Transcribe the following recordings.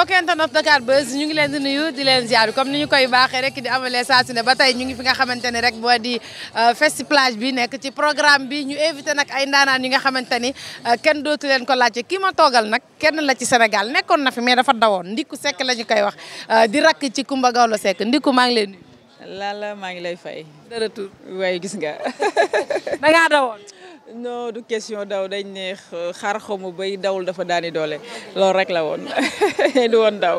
mbokk internet Dakar Buzz ñu ngi leen di nuyu di leen ziar comme ni ñu koy baaxee rek di amalee saa su ne ba tey ñu ngi fi nga xamante ni rek boo di euh, festi plage bi nekk ci programme bi ñu invité nag ay ndaanaan yi nga xamante ni euh, kenn dootu leen ko laajte kii ma toogal nag kenn la ci Sénégal nekkoon na fi mais dafa dawoon Ndickou sekk la ñu koy wax euh, di rakk ci Coumba Gawlo Seck Ndickou maa ngi leen nuyu. Lalla maa ngi lay fay. de retour waaye gis nga. da ngaa du question daw dañ ne euh, xar xamu bay dawul dafa daani doole loolu rek la woon du woon daw.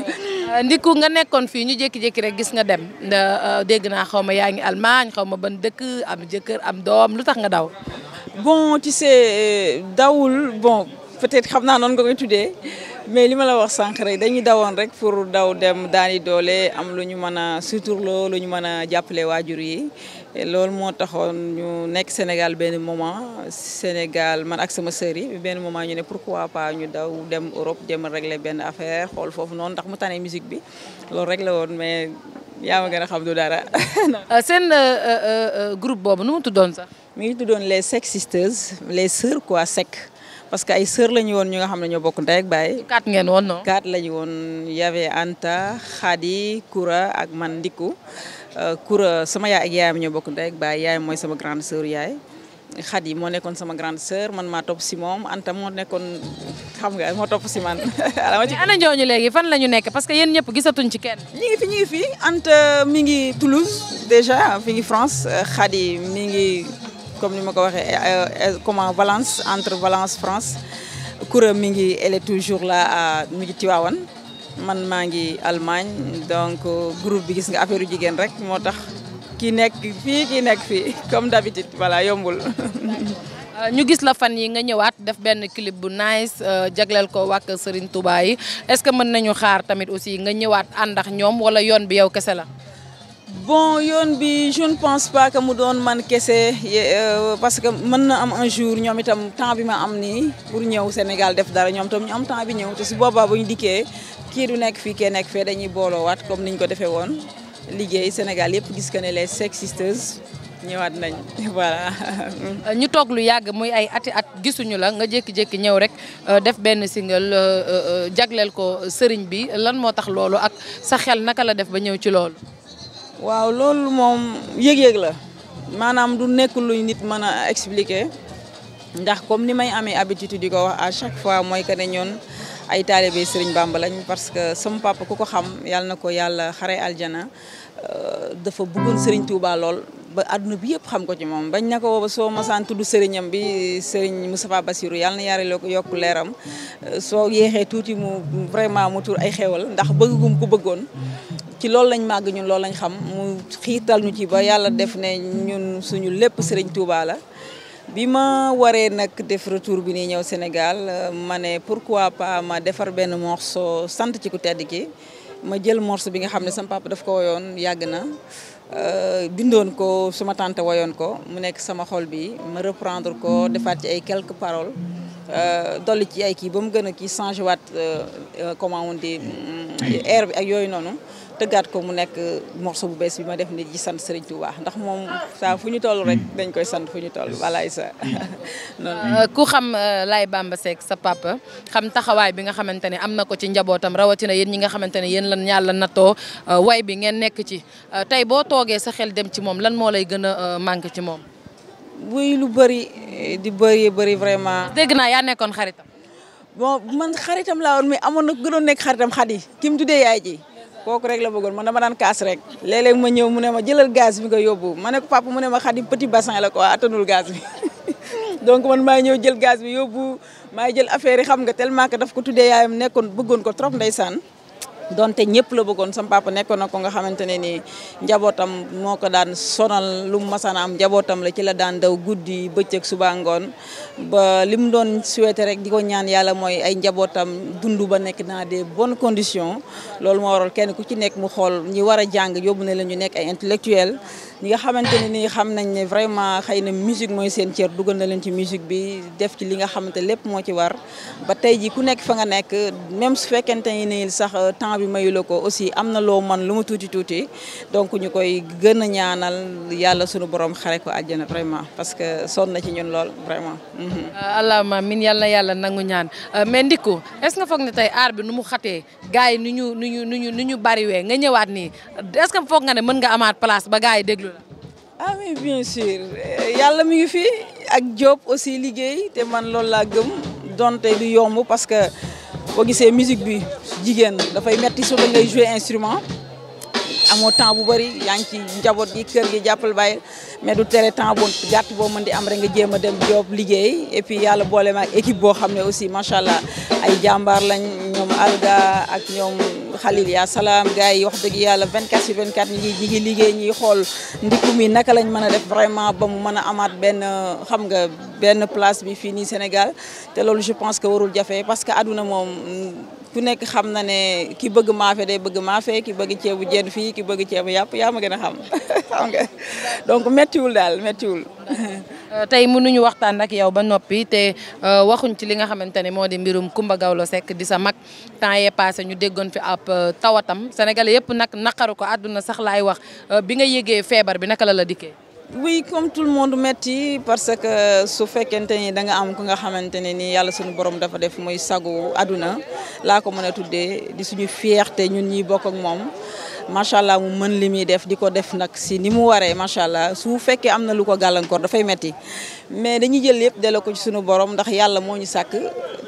ndiku nga nekkoon fii ñu jékki-jékki rek gis nga dem euh, dégg naa xaw ma yaa ngi Allemagne xaw ma ban dëkk am jëkkër am doom lu tax nga daw. bon tu sais euh, dawul bon peut-être xam naa noonu nga koy tuddee. mais li ma la wax sànq rek dañuy dawoon rek pour daw dem daani doole am lu ñu mën a suturloo lu ñu mën a jàppale waajur yi loolu moo taxoon ñu nekk Sénégal benn moment Sénégal man ak sama sœur yi benn moment ñu ne pourquoi pas ñu daw dem Europe dem régler benn affaire xool foofu noonu ndax mu tane musique bi loolu rek la woon mais yaa ma a xam du dara. Euh, seen euh, euh, groupe boobu nu mu tuddoon sax. mu ngi tuddoon les Sex Sisters les sœurs quoi sec. parce que ay sœur la ñu woon ñu nga xam ne ñoo bokk ndey ak baay. quatre ngeen woon non. quatre la woon Yave Anta Khady Koura ak man Ndiku euh, Koura sama yaay ak yaayam ñoo bokk ndey ak baay yaayam mooy sama grande sœur yaay. Khady moo nekkoon sama grande sœur man maa topp si moom Anta moo nekkoon xam nga moo topp si man. mais ana ñooñu léegi fan la ñu nekk parce que yéen ñëpp gisatuñ ci kenn. ñi ngi fi ñi ngi fi Anta mi ngi Toulouse déjà mi ngi France euh, Khady mi ngi. comme ni ma ko waxee euh, euh, comment Valence entre Valence France Koura mi ngi elle est toujours là à mi ngi man maa ngi Allemagne donc euh, groupe bi gis nga affaire jigéen rek moo tax kii nekk fii kii nekk fii comme d'habitude voilà yombul. ñu gis la fan yi nga ñëwaat def benn clip bu nice jagleel ko wàkk Serigne tubaay yi est-ce que mën nañu xaar tamit aussi nga ñëwaat ànd ak ñoom wala yoon bi yow kese la. bon yoon bi je ne pense pas que mu doon man kese euh, parce que mën na am un jour ñoom itam temps bi ma am nii pour ñëw Sénégal def dara ñoom itam ñu am temps bi ñëw te su boobaa bu ñu dikkee kii du nekk fii kee nekk fee dañuy booloowaat comme niñ ko defee woon liggéey Sénégal yëpp gis que ne les Sex ñëwaat nañ voilà. ñu toog lu yàgg muy ay ati at gisuñu la nga jékki-jékki ñëw rek euh, def benn single euh, jagleel ko sëriñ bi lan moo tax loolu ak sa xel naka la def ba ñëw ci loolu. waaw loolu moom yëg-yëg la maanaam du nekk luy nit mën a expliquer ndax comme ni may amee habitude di ko wax à chaque fois mooy que ne ñoon ay taalibe Serigne Bamba lañ parce que sama papa ku ko xam yàlla na ko yàlla xare aljana euh, dafa bëggoon Serigne Touba lool ba àdduna bi yëpp xam ko ci moom bañ na ko ba soo masaan tudd sëriñam bi Serigne Moustapha Bassirou yàlla na yàlla ko yokk leeram euh, soo yéexee tuuti mu vraiment mu tur ay xéwal ndax bëgg ku bëggoon ci loolu lañ màgg ñun loolu lañ xam mu xiital ñu ci ba yàlla def ne ñun suñu lépp sëriñ Touba la bi ma waree nag def retour bi nii ñëw Sénégal ma ne pour quoi pas ma defar benn morceau sant ci ku tedd ki ma jël morceau bi nga xam ne sama papa daf ko woyoon yàgg na euh, bindoon ko suma tante woyoon ko mu nekk sama xol bi ma reprendre ko defaat ci ay quelques paroles euh, dolli ci ay kii ba mu gën a kii changé waat euh, comment on dit air bi ak yooyu noonu tëggaat ko mu nekk morceau bu bees bi ma def ni ji sant Serigne Touba ndax moom saa fu ñu toll rek dañ koy sant fu ñu toll walaay sa ku xam euh, Laye Bamba Seck sa papa xam taxawaay bi nga xamante ne am na ko ci njabootam rawatina yéen ñi nga xamante ne yéen lan yàlla nattoo euh, way bi ngeen nekk ci euh, tey boo toogee sa xel dem ci moom lan moo lay gën a manqué ci moom. buy lu bëri di bëri bëri vraiment. dégg naa yaa nekkoon xaritam. bon man xaritam laa woon mais amoon na gënoon nekk xaritam xat yi ki mu kooku rek la bëggoon man dama daan kaas rek léeg-léeg ma ñëw mu ne ma jëlal gas bi nga yóbbu ma ne ko papa mu ne ma xadi petit bassin la quoi attanul gaz bi donc man maay ñëw jël gaz bi yóbbu maay jël affaire yi xam nga tellement que daf ko tuddee yaayam nekkoon bëggoon ko trop ndeysaan donte ñëpp la bëggoon sama papa nekkoon na ko nga xamante ne ni njabootam moo ko daan sonal lu mu masana am njabootam la ci la daan daw guddi bëccëg subaa ngoon ba li mu doon souhaité rek di ko ñaan yàlla mooy ay njabootam dund ba nekk naa des bonnes condition loolu moo waral kenn ku ci nekk mu xool ñi war a jàng yóbbu ne la ñu nekk ay intellectuel ñi nga xamante ne nii xam nañ ne vraiment xëy na musique mooy seen cër dugal na leen ci musique bi def ci li nga xamante lépp moo ci war ba tey ji ku nekk fa nga nekk même su fekkente ni nii sax euh, temps bi mayu la ko aussi am na loo man lu mu tuuti tuuti donc ñu koy gën a ñaanal yàlla sunu borom xare ko àjjana vraiment parce que sonn na ci ñun lool vraiment. Mhm. Euh, allahumma min yàlla yàlla nangu ñaan euh, mais Ndickou est-ce que foog ne tey aar bi nu mu xatee gars yi nu ñu nu ñu nu ñu bariwee nga ñëwaat nii est-ce que nga ne mën nga amaat place ba gars yi déglu ah oui bien sûr eh, yàlla mi ngi fi ak Diop aussi liggéey te man loolu laa gëm te du yomb parce que boo gisee musique bi jigéen dafay metti su la ngay jouer instrument amoo temps bu bëri yaa ngi ci njaboot gi kër gi jàppal bàyyi mais du tere temps boo gàtt boo mën di am rek nga jéem a dem job liggéey et puis yàlla boole ak équipe boo xam ne aussi macha allah ay jàmbaar lañ ñoom alga ak ñoom xalil yaa salaam gars yi wax dëgg yàlla 24 sur 24 ñi ngi ñi ngi liggéey ñiy xool ndiku mi naka lañ mën a def vraiment ba mu mën a amaat benn xam nga benn place bi fii nii Sénégal te loolu je pense que warul jafe parce que àdduna moom ku nekk xam na ne ki bëgg maafe day bëgg maafe ki bëgg ceebu jën fii ki bëgg ceebu yàpp yaa ma gën a xam xam donc méttiwul daal méttiwul. Euh, tey mënuñu waxtaan ak yow ba noppi te euh, waxuñ ci li nga xamante ne moo di mbirum Coumba Gawlo sekk di sa mag temps yee passé ñu déggoon fi ab euh, tawatam sénégalais yëpp nag naqaru ko àdduna sax laay wax bi nga yëgee feebar bi naka la la dikkee. oui comme tout le monde métti parce que su fekkente ni da nga am ku nga xamante ne ni yàlla suñu borom dafa def muy sagu àdduna laa ko mën a tuddee di suñu te ñun ñi bokk ak moom. macha allah mu mën li muy def di ko def nag si ni mu waree macha allah su fekkee am na lu ko gàllankoor dafay metti mais dañuy jël yëpp delloo ko ci sunu borom ndax yàlla moo ñu sàkk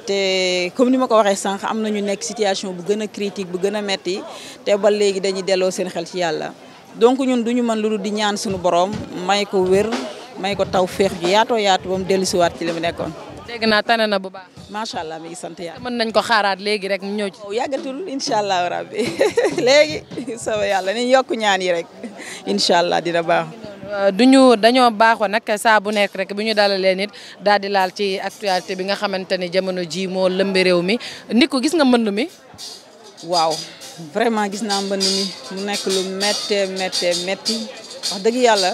te comme ni ma ko waxee sànq am na ñu nekk situation bu gën a critique bu gën a metti te ba léegi dañuy delloo seen xel ci yàlla donc ñun du ñu mën lu dul di ñaan suñu borom may ko wér may ko taw féex ju yaatoo yaatu ba mu dellusiwaat ci li mu nekkoon. macha allah mi ngi sant yàlla. mën nañ ko xaaraat léegi rek mu ñëw ci. Oh, yàggatul incha allah rabbi léegi sama yàlla ni yokk ñaan yi rek incha allah dina baax. du ñu dañoo baaxoo nag saa bu nekk rek bu ñu dalalee nit daal di laal ci actualité bi nga xamante ni jamono ji moo lëmbi réew mi ndi ko gis nga mbënn mi. waaw vraiment gis naa mbënn mi mu nekk lu méttee méttee métti wax dëgg yàlla.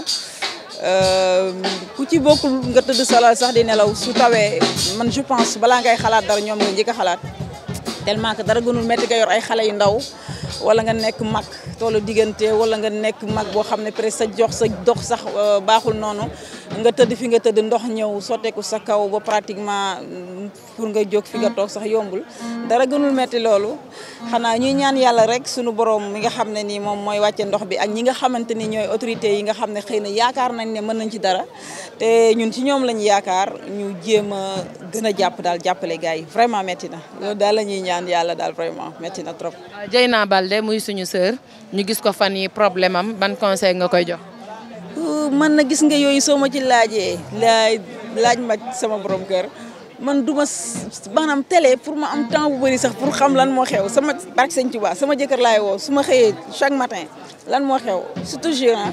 Euh, ku ci bokkul nga tëdd salal sax di nelaw su tawee man je pense balaa ngay xalaat dara ñoom nga njëkk xalaat tellement que dara gënul métti nga yor ay xale yu ndaw wala nga nekk mag tollu diggante wala nga nekk mag boo xam ne peut sa jox sa dox sax euh, baaxul noonu nga tëdd fi nga tëdd ndox ñëw sotteeku sa kaw ba pratiquement mm, pour nga jóg fi nga mm. toog sax yombul dara gënul metti loolu xanaa ñuy ñaan yàlla rek sunu borom mi nga xam ne nii moom mooy wàcce ndox bi ak ñi nga xamante ni ñooy autorité yi nga xam ne xëy na yaakaar nañ ne mën nañ ci dara te ñun ci ñoom lañ yaakaar ñu jéem a gën a jàpp daal jàppale gars yi vraiment métti na loolu daal la ñuy ñaan yàlla daal vraiment métti na trop. Dieyna Baldé muy suñu sœur ñu gis ko fan yi problème am ban conseil nga koy jox. man na gis nga yooyu soo ma ci laajee laaj laaj ma sama borom kër man du ma maanaam télé pour ma am temps bu bëri sax pour xam lan moo xew sama barke Sëñ Tuubaa sama jëkkër laay woo su ma xëyee chaque matin lan moo xew surtout gérant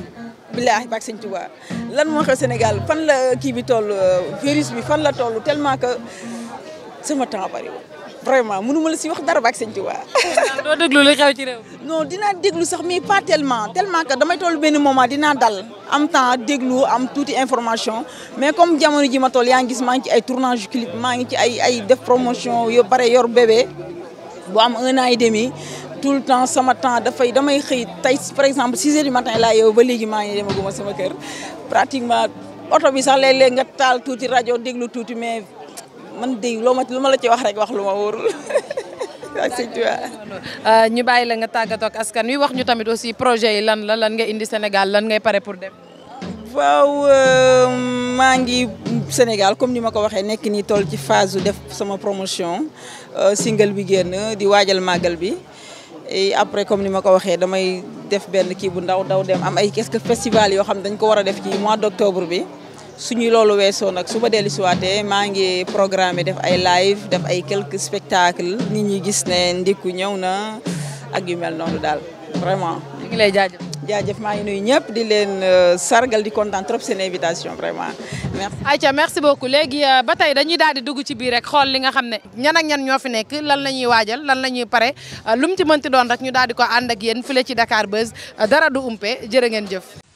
billahi barke Sëñ Tuubaa lan moo xew Sénégal fan la kii bi toll euh, virus bi fan la toll tellement que sama temps bëri vraiment mënu ma la si wax dara baak sëñ Tuubaa. doo déglu li xew ci réew non dinaa déglu sax mais pas tellement tellement que damay toll benn moment dinaa dal am temps déglu am tuuti information mais comme jamono ji ma toll yaa ngi gis maa ngi ci ay tournage clip maa ngi ci ay ay def promotion yo bare yor bébé bu am un naa et demi tout le temps sama temps dafay damay xëy tey par exemple 6 heures du matin laa yow ba léegi maa ngi demaguma sama kër pratiquement oto bi sax léeg nga taal tuuti rajo déglu tuuti mais. man de loo ma lu ma la ci wax rek wax lu ma wóorul ak euh, ñu bàyyi la nga tàggatoo ak askan wi wax ñu tamit aussi projet yi lan la lan nga indi Sénégal lan ngay pare pour dem. waaw euh, maa ngi Sénégal comme ni ma ko waxee nekk nii toll ci phase def sama promotion euh, single bi génn di waajal màggal bi et après comme ni ma ko waxee damay def benn kii bu ndaw ndaw dem am ay qu'est-ce que festival yoo xam dañ ko war a def ci mois d'octobre bi. suñu loolu weesoo nag su ma dellu siwaatee maa ngi programme def ay live def ay quelques spectacles nit ñi gis ne ndikku ñëw na ak yu mel noonu daal vraiment. ñu ngi lay jaajëf. maa ngi nuyu ñëpp di leen euh, sargal di kontaan trop seen invitation vraiment merci. Aïcha merci beaucoup léegi euh, ba tey dañuy daal di dugg ci biir rek xool li nga xam ne ñan ñan ñoo fi nekk lan la ñuy waajal lan la ñuy pare euh, lu mu ci mënti doon rek ñu daal di ko ànd ak yéen file ci Dakar Buzz dara du umpe jërë ngeen jëf.